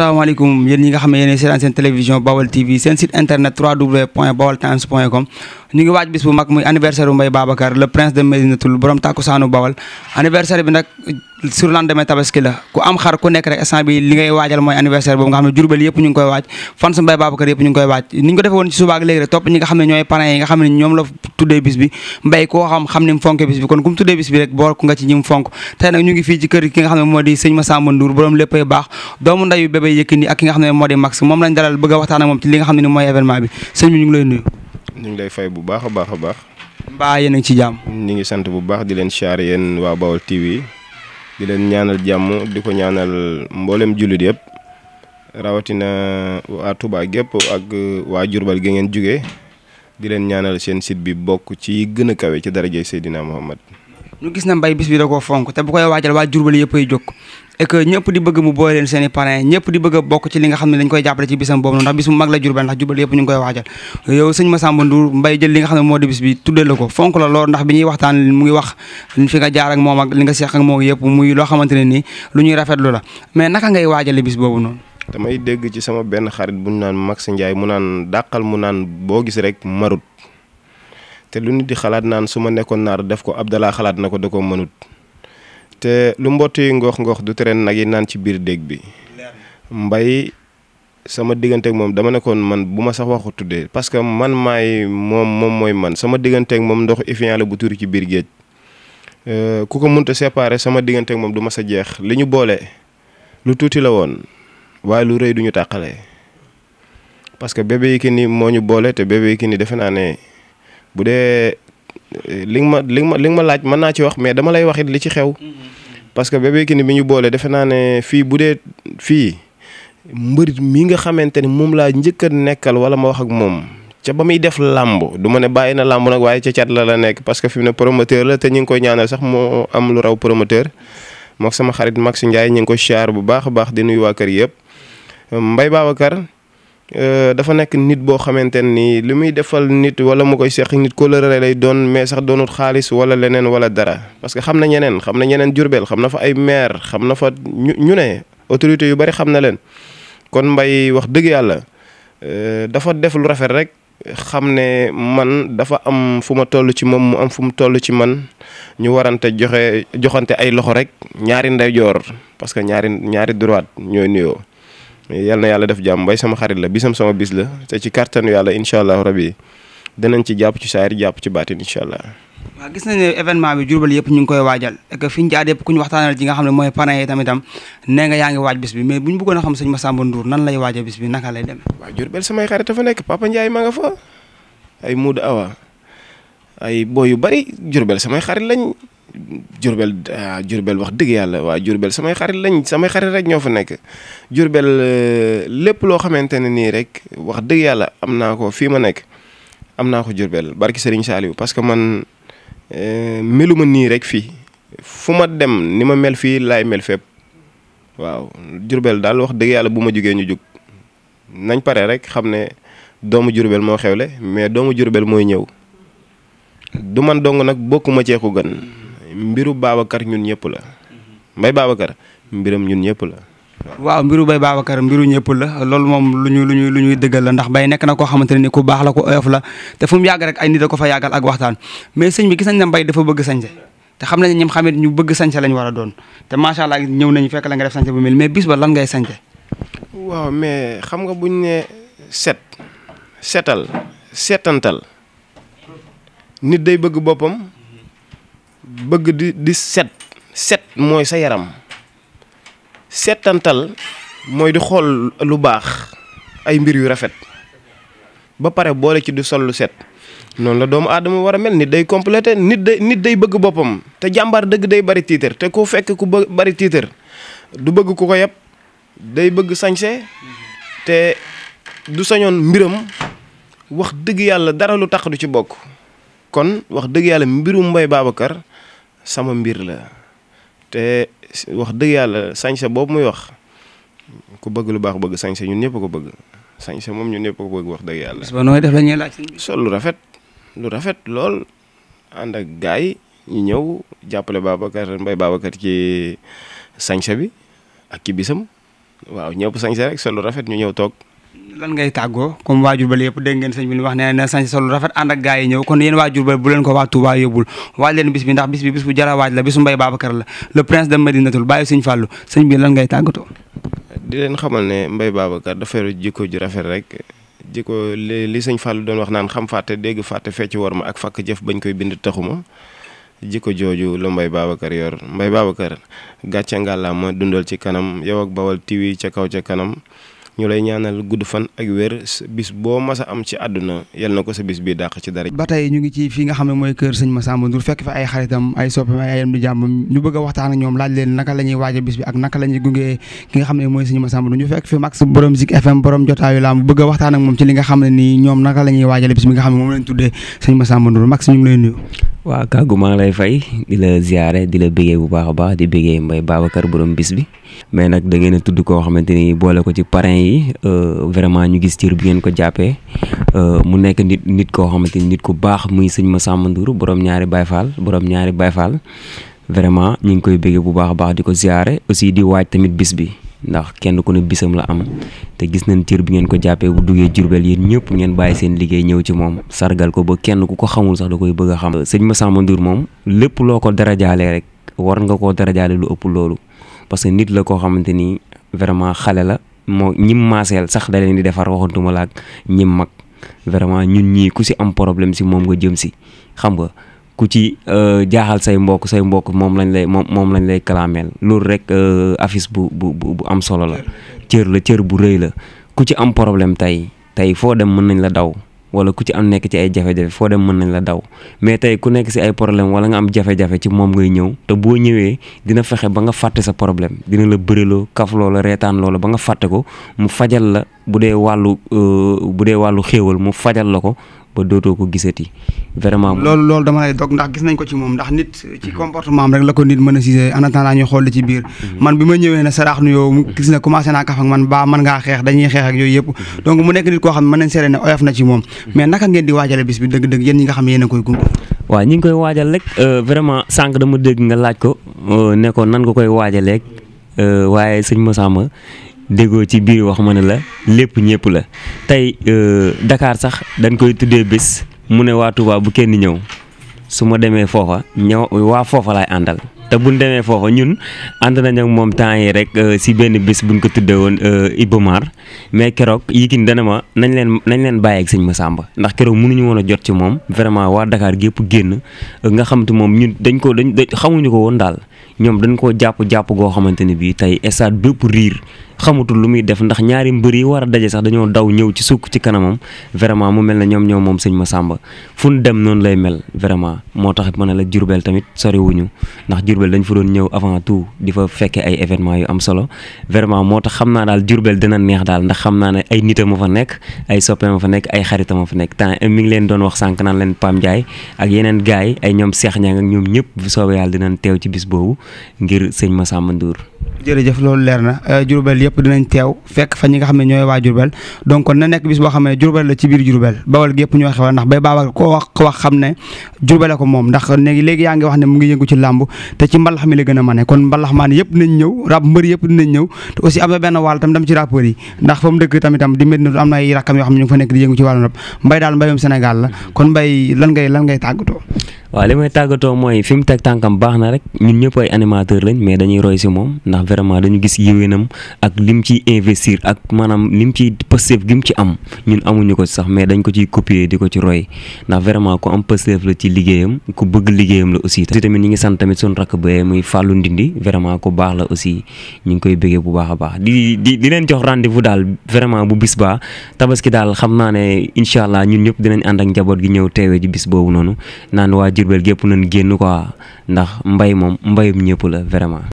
asalaamaaleykum yéen ñi nga xam ne yéen seetaan seen télévision Bawal TV seen site internet www.bawaltimes.com ñu ngi waaj bis bu mag muy anniversaire bu Mbaye Babacar le prince de Médinatoul borom tàkkusaanu Bawal anniversaire bi nag sur lendemain tabaski la ku am xar ku nekk rek instant li ngay waajal mooy anniversaire boobu nga xam ne Jurbel yëpp ñu ngi koy waaj fans Mbaye Babacar yëpp ñu ngi koy waaj ni ko defee woon ci Mbaye Yékini ak ki nga xam ne moo di Max moom lañ dalal bëgg a waxtaan ak moom ci li nga xam ne mooy événement bi sëñ bi ñu ngi lay nuyu. ñu lay fay bu baax a baax a baax. mbaa yéen a ci jàmm. ñu ngi sant bu baax di leen siyaar yéen waa Baol TV di leen ñaanal jàmm di ko ñaanal mboolem jullit yëpp rawatina waa tubaa gépp ak waa Jurbel gi ngeen jugee di leen ñaanal seen site bi bokk ci gën a kawe ci darajay Seydina Muhammad ñu gis na mbay bis bi da ko fonk te bu koy waajal waa jurbali yëpp ay jóg et que di bëgg mu boole leen seen i parrain di bëgg bokk ci li nga xam ne dañ koy jàppale ci bisam boobu noonu ndax bis mu mag la jurbel ndax jurbali yëpp ñu ngi koy li nga xam ne moo di bis bi tuddee ko fonk la lool ndax bi ñuy waxtaan mu ngi wax fi nga jaar ak moom ak li nga seex ak moom yëpp muy loo xamante ne nii lu ñuy rafetlu la mais naka ngay waajale bis boobu noonu damay dégg ci sama benn xarit bu ñu naan Max Ndiaye mu naan dàqal mu naan boo gis rek marut te lu nit di xalaat naan su ma nekkoon naar def ko Abdallah xalaat na ko da ko mënut te lu mbott yi ngoox-ngoox du tereen nag yi naan ci biir déeg bi mbay sama digganteeg moom dama nekkoon man bu ma sax waxu tuddee parce que man maay moom moom mooy man sama digganteeg moom ndox Evian la bu tuuri ci biir géej euh, ku ko munta séparer sama digganteeg moom du ma sa jeex li ñu boole lu tuuti la woon waaye lu rëy du ñu tàqalee parce que bébé nii moo ñu boole te bébé Yékini defe naa ne. bu dee li nga ma li nga ma li ma laaj mën naa ci wax mais dama lay waxit li ci xew. Mm-hmm, mm-hmm. parce que Bébé Kini bi ñu boole defe naa ne fii bu dee fii mbërit mi nga xamante ni moom laa njëkk nekkal wala ma wax ak moom. ca ba muy def làmb du ma ne bàyyi na làmb nag waaye ca cat la la nekk parce que fi mu ne promoteur la te ñu ngi koy ñaanal sax moo am lu raw promoteur moo sama xarit Max Ndiaye ñu ngi ko siyaar bu baax baax di nuyu waa kër yëpp Mbaye Babacar Euh, dafa nekk nit boo xamante nii li muy defal nit wala mu koy seq nit kóllëre lay doon mais sax doonut xaalis wala leneen wala dara parce que xam na ñeneen xam na ñeneen Jurbel xam na fa ay maire xam na fa ñu ñu ne autorité yu bari xam na leen kon Mbaye wax dëgg yàlla euh, dafa def lu rafet rek xam ne man dafa am fu ma toll ci moom mu am fu mu toll ci man ñu warante joxe joxante ay loxo rek ñaari ndeyjoor parce que ñaari ñaari droite ñooy nuyoo. yal na yàlla def jàmm mbay sama xarit la bisam sama bis la te ci kàttanu yàlla incha allah rabi danañ ci jàpp ci saayir jàpp ci baatin incha allah. waaw gis nañ événement bi Diourbel yëpp ñu ngi koy xam ne mooy parrain yi a xam nan lay waajee bis bi naka lay demee. waaw Diourbel samay xarit lañ Jurbel ah wax dëgg yàlla waa Jurbel samay xarit lañ samay xarit rek ñoo fa nekk Jurbel euh, lépp loo xamante ne nii rek wax dëgg yàlla am naa ko fii ma nekk am naa ko Jurbel barki Serigne Saliou parce que man euh, meluma nii rek fii fu ma dem ni ma mel fii laay mel fépp waaw Jurbel daal wax dëgg yàlla bu ma jugee ñu jug nañ pare rek xam ne doomu Jurbel moo xewle mais doomu Jurbel mooy ñëw du man dong nag bokk ma ceeku gën. mbiru Babacar ñun ñëpp la Mbaye Babacar mbiram ñun ñëpp la. waaw mbiru Baye Babacar mbiru ñëpp la loolu moom lu ñu lu ñu lu ñuy dëggal la ndax Baye nekk na koo xamante ne ni ku baax la ko oyof la te fu mu yàgg rek ay nit a ko fa yàggal ak waxtaan mais sañ bi gis nañ ne dafa bëgg sañse te xam nañ ne ñoom xam ñu bëgg sañse lañ war a doon te macha allah ñëw nañu fekk la nga def sañse bu mel mais bis ba lan ngay sañse. waaw mais xam nga buñ ne set setal setantal nit day bëgg boppam bëgg di di set set mooy sa yaram setantal mooy di xool lu baax ay mbir yu rafet ba pare boole ci di sol lu set noonu la doomu aadama war a mel ni day complété nit day bëgg boppam te jàmbaar dëgg day bari tiitër te ku fekk ku bë bari tiitër du bëgg ku ko yeb day bëgg sañse te du sañoon mbiram wax dëgg yàlla dara lu tax du ci bokk kon wax dëgg yàlla mbirum Mbaye Babacar sama mbir la te wax dëgg yàlla sañse boobu muy wax ku bëgg lu baax bëgg sañse ñun ñëpp ko bëgg sañse moom ñun ñëpp ko bëgg wax dëgg yàlla. bis ba def la ñuy laaj sol lu rafet lu rafet lool ànd ak gaay ñu ñëw jàppale Babacar mbay Babacar ci sañse bi ak ci bisam waaw ñëpp sañse rek sol lu rafet ñu ñëw toog. lan ngay tàggoo comme waajur ba lépp dégg ngeen sëñ bi wax ne na sañ solo rafet ànd ak gaa yi ñëw kon yéen waajur ba bu leen ko waa Touba yóbbul waaj leen bis bi ndax bis bi bis bu jara waaj la bisu Mbaye Babacar la le prince de Médinatoul bàyyi sëñ Fallou sëñ bi tàggatoo di leen xamal ne mbay Babacar dafa yor jikko ju rafet rek jikko li li sëñ Fallou doon wax naan xam fàtte dégg fàtte fecc war ma ak fàkk jëf bañ koy bind taxuma jikko jooju la Mbaye Babacar yor Mbaye Babacar gàcce ngàllaama dundal ci kanam yow ak Bawal TV ca kaw ca kanam ñu lay ñaanal gudd fan ak wér bis boo mas a am ci àdduna yal na ko sa bis bii dàq ci dara. ba tey ñu ngi ci fii nga xam ne mooy kër sëñ Massamba Ndour fekk fa ay xaritam ay soppam ay ayam di ñu bëgg waxtaan ak ñoom laaj naka la waaja bis ak naka la ñuy gunge ki nga xam ne mooy sëñ Massamba Ndour ñu fekk fi Max borom Zik FM borom jotaayu laam bëgg a waxtaan ak moom ci li nga xam ne nii ñoom naka la ñuy waajale bis bi nga xam ne moom lañ tuddee sëñ Massamba Ndour Max ñu ngi lay nuyu waaw kàggu maa ngi lay fay di la ziare di la béggee bu baax a baax di béggee mbay Babacar boroom bis bi mais nag da ngeen a tudd koo xamante ni boole ko ci parrain yi euh, vraiment ñu gis cër bi ngeen ko jàppee euh, mu nekk nit nit koo xamante ni nit ku baax muy sëñ Massamba Ndour borom ñaari Baye Fall borom ñaari Baye Fall vraiment ñu ngi koy béggee bu baax a baax di ko ziare aussi di waaj tamit bis bi. ndax kenn ku ne bisam la am te gis nañ tiir bi ngeen ko jàppee bu duggee Jurbel yéen ñëpp ngeen bàyyi seen liggéey ñëw ci moom sargal ko ba kenn ku ko xamul sax da koy bëgg a xam sëñ Massamba Ndour moom lépp loo ko darajaalee rek war nga koo darajaale lu ëpp loolu parce que nit la koo xamante ni vraiment xale la moo ñim maaseel sax da leen di defar waxantuma laak ñim mag vraiment ñun ñii ku si am problème si moom nga jëm si xam nga ku ci euh, jaaxal say mbokk say mbokk moom lañ lay moom moom lañ lay kalaameel loolu rek euh, affiche bu bu bu am solo la cër la cër bu rëy la ku ci am problème tey tey foo dem mën nañ la daw wala ku ci am nekk ci ay jafe-jafe foo dem mën nañ la daw mais tey ku nekk si ay problème wala nga am jafe-jafe ci moom ngay ñëw te boo ñëwee dina fexe ba nga fàtte sa problème dina la bëreloo kaf loola reetaan loola ba nga fàtte ko mu fajal la bu dee wàllu euh, bu dee wàllu xéewal mu fajal la ko ba dootoo ko gisati vraiment. loolu loolu dama lay ndax gis nañ ko ci moom ndax nit. ci mhm. comportement am rek la ko nit mën a gisee en attendant ñu xool li ci biir. Mhm. man bi ma ñëwee ne saraax nu yow mhm. gis na commencé naa kaf man baa mën ngaa xeex dañuy xeex ak yooyu yëpp donc mu nekk nit koo xam ne mën nañ seere ne oyof na ci moom mais naka ngeen di waajale bis bi dëgg-dëgg yéen ñi nga xam ne koy gunge. waaw ñi ngi koy waajal rek euh, vraiment sànq dama dégg nga laaj ko euh, ne ko nan nga koy waajalee euh, waaye sëñ Massamba déggoo ci biir wax ma ne la lépp ñëpp la tey euh, dakaar sax dañ koy tuddee bés mu ne waa Touba bu kenn ñëw su ma demee foofa ñëw waa foofa laay àndal te buñ demee foofa ñun ànd nañ ak moom temps yi rek euh, si benn bés buñ ko tuddee woon euh, Ibomar mais keroog Yékini dana ma nañ leen nañ leen bàyyi ak sëñ Massamba ndax keroog mënuñu woon a jot ci moom vraiment waa dakaar gépp génn nga xam te moom ñun dañ ko dañ xamuñu ko woon daal ñoom dañ koo jàpp jàpp goo xamante ne bii tey stade bépp riir. xamutul lu muy def ndax ñaari mbër yi war a daje sax dañoo daw ñëw ci sukk ci kanamam vraiment mu mel ne ñoom ñoom moom sëñ Massamba fu ñu dem noonu lay mel vraiment moo tax ma ne la Jurbel tamit sori wuñu ndax Jurbel dañ fa doon ñëw avant tout di fa fekkee ay événements yu am solo vraiment moo tax naa daal Jurbel dina neex daal ndax xam naa ne ay nitam ma fa nekk ay soppe ma fa nekk ay xarita ma fa nekk temps mi ngi leen doon wax sànq naan leen Pam Ndiaye ak yeneen gars yi ay ñoom Cheikh Niang ak ñoom ñëpp bu soobee yàlla dinañ teew ci bis boobu ngir sëñ ma Massamba Ndour jërëjëf loolu leer na euh, Diourbel yëpp dinañ teew fekk fa ñi nga xam ne ñooy waa Diourbel donc kon na nekk bis boo xam ne Diourbel la ci biir Diourbel bawal gi yëpp ñoo xewal ndax bay baaba ko wax ko wax xam ne Diourbel ko moom ndax léegi léegi yaa ngi wax ne mu ngi yëngu ci làmb te ci mbalax mi la gën a mane kon mbalax maan yëpp nañ ñëw rab mbër yëpp dinañ ñëw te aussi am benn wàll tam dam ci rappeurs yi ndax fa mu dëkk tamitam di Medina am na ay rakkam yoo xam ne ñu fa nekk di yëngu ci wàllu rab mbay daal mbayum Sénégal la kon mbay lan ngay lan ngay waaw li may tàggatoo mooy fi mu teg tànkam baax na rek ñun ñëpp ay animateur lañ mais dañuy roy si moom ndax vraiment dañu gis yéwénam ak lim ciy investir ak maanaam lim ci pësteef gi mu ci am ñun amuñu ko sax mais dañ ko ciy copier di ko ci roy ndax vraiment ku am pësteef la ci liggéeyam ku bëgg liggéeyam la aussi tamit ñi ngi sant tamit suñu rakk ba muy Fallou Ndindi vraiment ku baax la ñu ngi koy bëggee bu baax a baax di di di leen jox rendez-vous daal vraiment bu bis baa tabaski daal xam naa ne incha allah ñun ñëpp dinañ ànd ak njaboot gi ñëw teewee ci bis boobu noonu Diourbel gépp nañ génn quoi ndax mbay moom mbayum ñëpp la vraiment